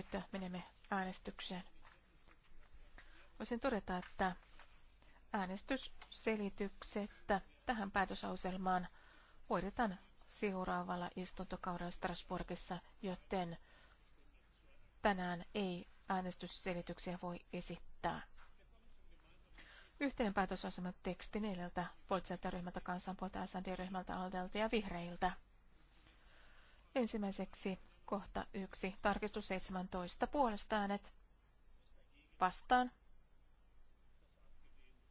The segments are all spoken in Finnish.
että menemme äänestykseen. Voisin todeta, että äänestysselitykset tähän päätösauselmaan hoidetaan seuraavalla istuntokaudella Strasbourgissa, joten tänään ei äänestysselityksiä voi esittää. Yhteinen päätösasema teksti neljältä poliittiselta ryhmältä, kansanpuolta, SND-ryhmältä, Aldelta ja Vihreiltä. Ensimmäiseksi Kohta 1. Tarkistus 17. Puolesta äänet. Vastaan.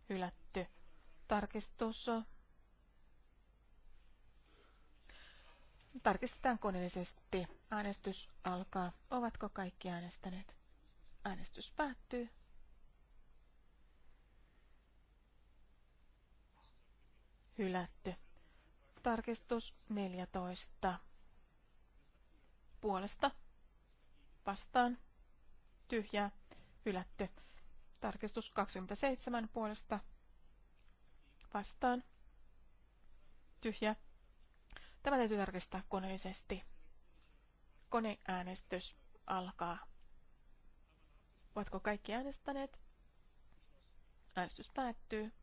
Hylätty. Tarkistus. Tarkistetaan koneellisesti. Äänestys alkaa. Ovatko kaikki äänestäneet? Äänestys päättyy. Hylätty. Tarkistus 14 puolesta vastaan tyhjää hylätty. Tarkistus 27 puolesta vastaan tyhjä. Tämä täytyy tarkistaa koneellisesti. Koneäänestys alkaa. Ovatko kaikki äänestäneet? Äänestys päättyy.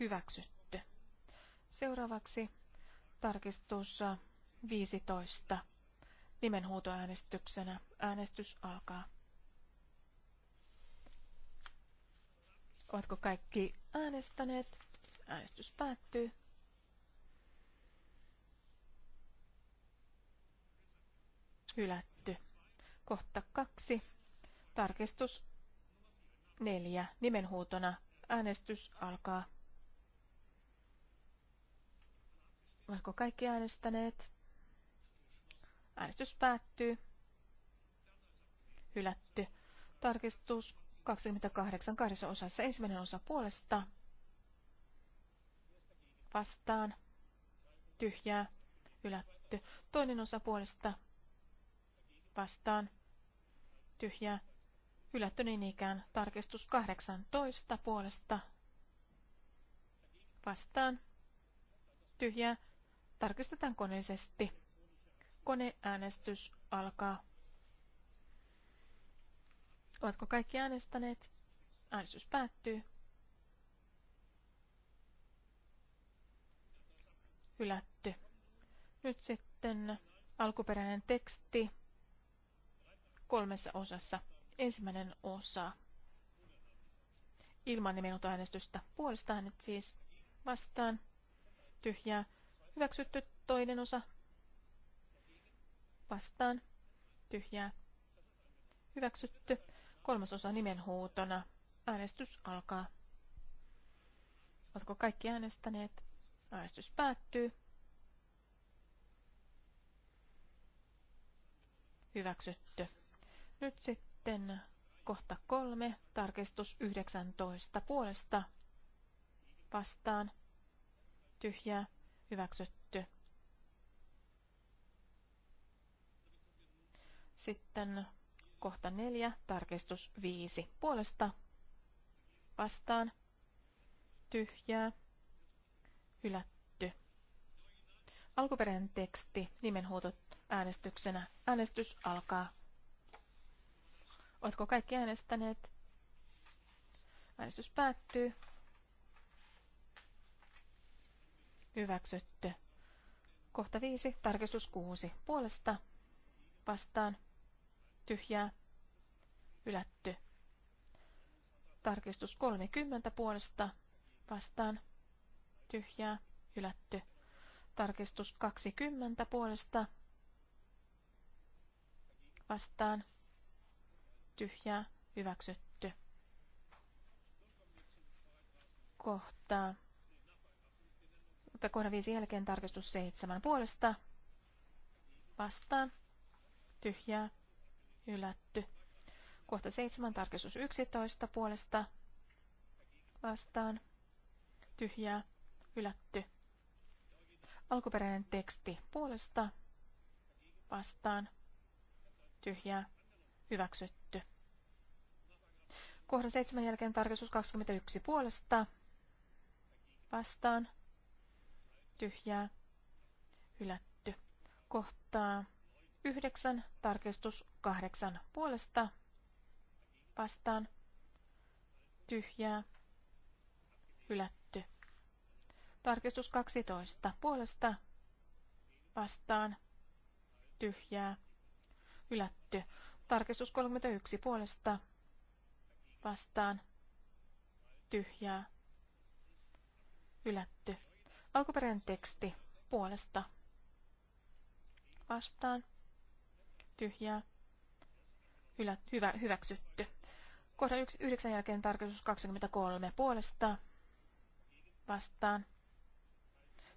Hyväksytty. Seuraavaksi Tarkistus 15. Nimenhuutoäänestyksenä. Äänestys alkaa. Ovatko kaikki äänestäneet? Äänestys päättyy. Hylätty. Kohta kaksi. Tarkistus neljä. Nimenhuutona. Äänestys alkaa. Oletko kaikki äänestäneet? Äänestys päättyy. Hylätty. Tarkistus 28 kahdessa osassa. Ensimmäinen osa puolesta. Vastaan. Tyhjää. Hylätty. Toinen osa puolesta. Vastaan. Tyhjää. Hylätty niin ikään. Tarkistus 18 puolesta. Vastaan. Tyhjää. Tarkistetaan koneisesti. Koneäänestys alkaa. Ovatko kaikki äänestäneet? Äänestys päättyy. Hylätty. Nyt sitten alkuperäinen teksti kolmessa osassa. Ensimmäinen osa ilman nimenhuutoäänestystä puolesta äänet siis vastaan tyhjää Hyväksytty toinen osa. Vastaan. Tyhjää. Hyväksytty. Kolmas osa nimenhuutona. Äänestys alkaa. Oletko kaikki äänestäneet? Äänestys päättyy. Hyväksytty. Nyt sitten kohta kolme, tarkistus 19 puolesta vastaan, tyhjää, Hyväksytty. Sitten kohta neljä, tarkistus viisi. Puolesta vastaan tyhjää, hylätty. Alkuperäinen teksti, nimenhuutot äänestyksenä. Äänestys alkaa. Oletko kaikki äänestäneet? Äänestys päättyy. Hyväksytty. Kohta 5. Tarkistus 6. Puolesta. Vastaan. Tyhjää. Ylätty. Tarkistus 30 puolesta. Vastaan. Tyhjää. Ylätty. Tarkistus 20 puolesta. Vastaan. Tyhjää. Hyväksytty. Kohtaa mutta kohdan 5 jälkeen tarkistus 7 puolesta. Vastaan. Tyhjää. Ylätty. Kohta 7 tarkistus 11 puolesta. Vastaan. Tyhjää. Ylätty. Alkuperäinen teksti puolesta. Vastaan. Tyhjää. Hyväksytty. Kohdan 7 jälkeen tarkistus 21 puolesta. Vastaan tyhjää, hylätty. Kohtaa yhdeksän, tarkistus kahdeksan puolesta, vastaan, tyhjää, hylätty. Tarkistus 12 puolesta, vastaan, tyhjää, hylätty. Tarkistus 31 puolesta, vastaan, tyhjää, hylätty. Alkuperäinen teksti puolesta. Vastaan. Tyhjää. Hylä, hyvä, hyväksytty. Kohdan 9 jälkeen tarkistus 23 puolesta. Vastaan.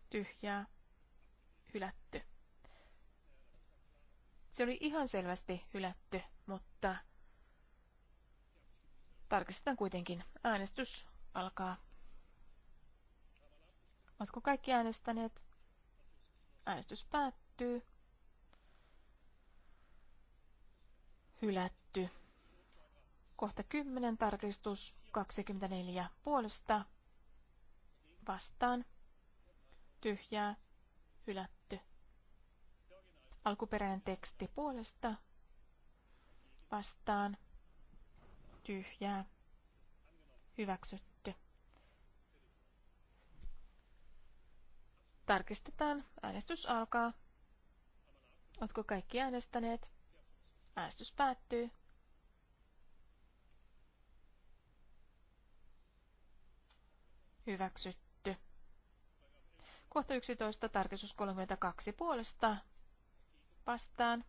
Tyhjää. Hylätty. Se oli ihan selvästi hylätty, mutta tarkistetaan kuitenkin. Äänestys alkaa. Oletko kaikki äänestäneet? Äänestys päättyy. Hylätty. Kohta 10 tarkistus 24 puolesta. Vastaan. Tyhjää. Hylätty. Alkuperäinen teksti puolesta. Vastaan. Tyhjää. Hyväksytty. Tarkistetaan. Äänestys alkaa. Oletko kaikki äänestäneet? Äänestys päättyy. Hyväksytty. Kohta 11. Tarkistus 32 puolesta. Vastaan.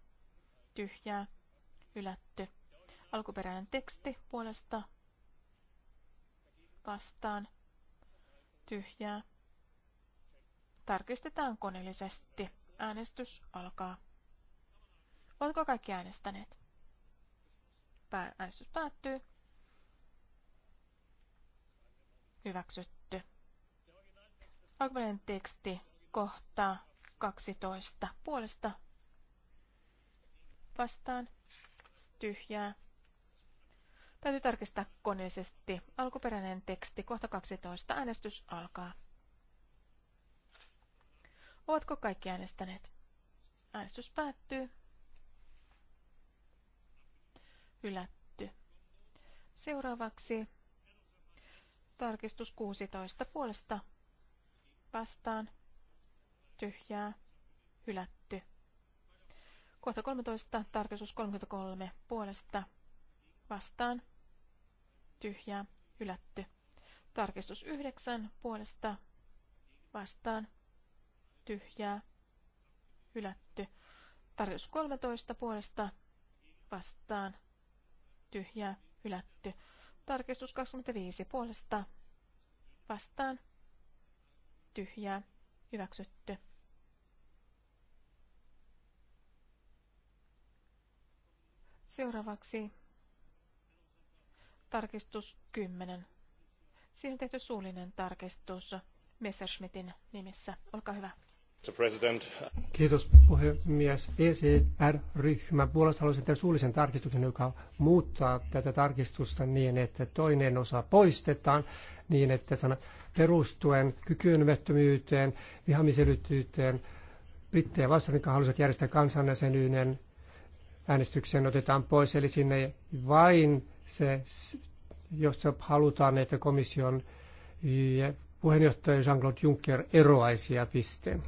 Tyhjää. Ylätty. Alkuperäinen teksti puolesta. Vastaan. Tyhjää. Tarkistetaan koneellisesti. Äänestys alkaa. Oletko kaikki äänestäneet? Pää- äänestys päättyy. Hyväksytty. Alkuperäinen teksti kohtaa 12 puolesta vastaan tyhjää. Täytyy tarkistaa koneellisesti. Alkuperäinen teksti kohta 12. Äänestys alkaa. Ovatko kaikki äänestäneet? Äänestys päättyy. Hylätty. Seuraavaksi tarkistus 16 puolesta vastaan tyhjää hylätty. Kohta 13 tarkistus 33 puolesta vastaan tyhjää hylätty. Tarkistus 9 puolesta vastaan tyhjää, hylätty. Tarjous 13 puolesta vastaan, tyhjää, hylätty. Tarkistus 25 puolesta vastaan, tyhjää, hyväksytty. Seuraavaksi tarkistus 10. Siinä on tehty suullinen tarkistus Messerschmittin nimissä. Olkaa hyvä. Kiitos puhemies. ecr ryhmä puolesta haluaisin tehdä suullisen tarkistuksen, joka muuttaa tätä tarkistusta niin, että toinen osa poistetaan niin, että sana perustuen kykyynmättömyyteen, vihamiselytyyteen, brittejä vastaan, jotka haluaisivat järjestää kansanjäsenyyden äänestykseen, otetaan pois. Eli sinne vain se, jossa halutaan, että komission puheenjohtaja Jean-Claude Juncker eroaisia pisteen.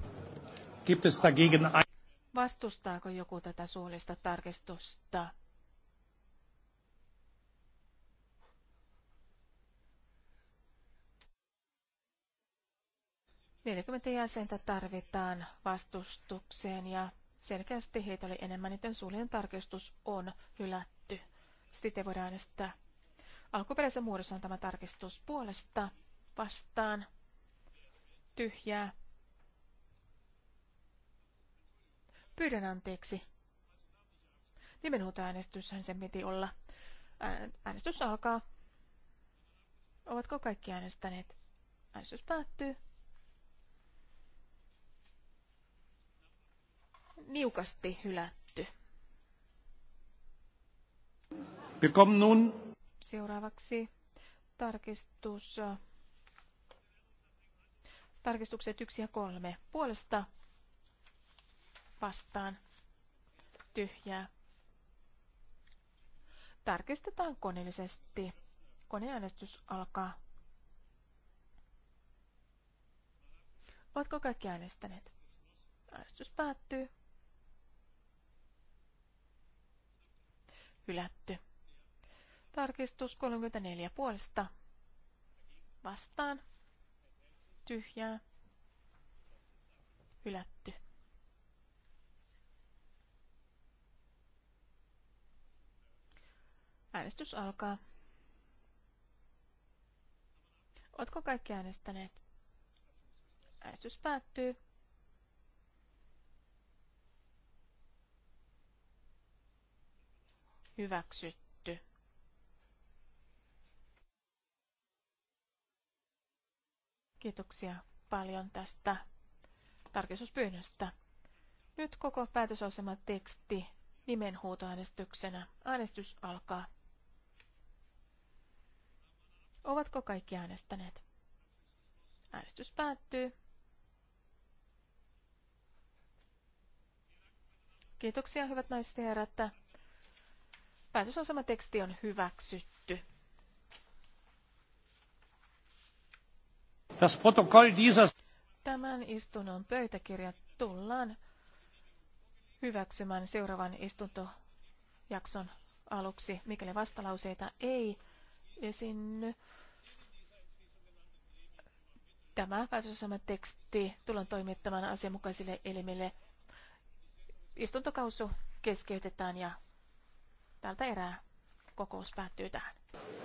Gibt es dagegen Vastustaako joku tätä suullista tarkistusta? Neljäkymmentä jäsentä tarvitaan vastustukseen ja selkeästi heitä oli enemmän, joten suullinen tarkistus on hylätty. Sitten voidaan äänestää. Alkuperäisessä muodossa on tämä tarkistus puolesta vastaan tyhjää Pyydän anteeksi. Nimenhuutoäänestyshän sen piti olla. Äänestys alkaa. Ovatko kaikki äänestäneet? Äänestys päättyy. Niukasti hylätty. Nun. Seuraavaksi tarkistus. Äh, tarkistukset 1 ja 3. Puolesta vastaan tyhjää. Tarkistetaan koneellisesti. Koneäänestys alkaa. Ovatko kaikki äänestäneet? Äänestys päättyy. Hylätty. Tarkistus 34 puolesta. Vastaan. Tyhjää. Hylätty. Äänestys alkaa. Oletko kaikki äänestäneet? Äänestys päättyy. Hyväksytty. Kiitoksia paljon tästä tarkistuspyynnöstä. Nyt koko päätösasema teksti nimenhuutoäänestyksenä. Äänestys alkaa. Ovatko kaikki äänestäneet? Äänestys päättyy. Kiitoksia, hyvät naiset ja herrat. Päätösosama teksti on hyväksytty. Tämän istunnon pöytäkirja tullaan hyväksymään seuraavan istuntojakson aluksi, mikäli vastalauseita ei esiinny. Tämä päätösasema teksti tullaan toimittamaan asianmukaisille elimille. Istuntokausu keskeytetään ja tältä erää kokous päättyy tähän.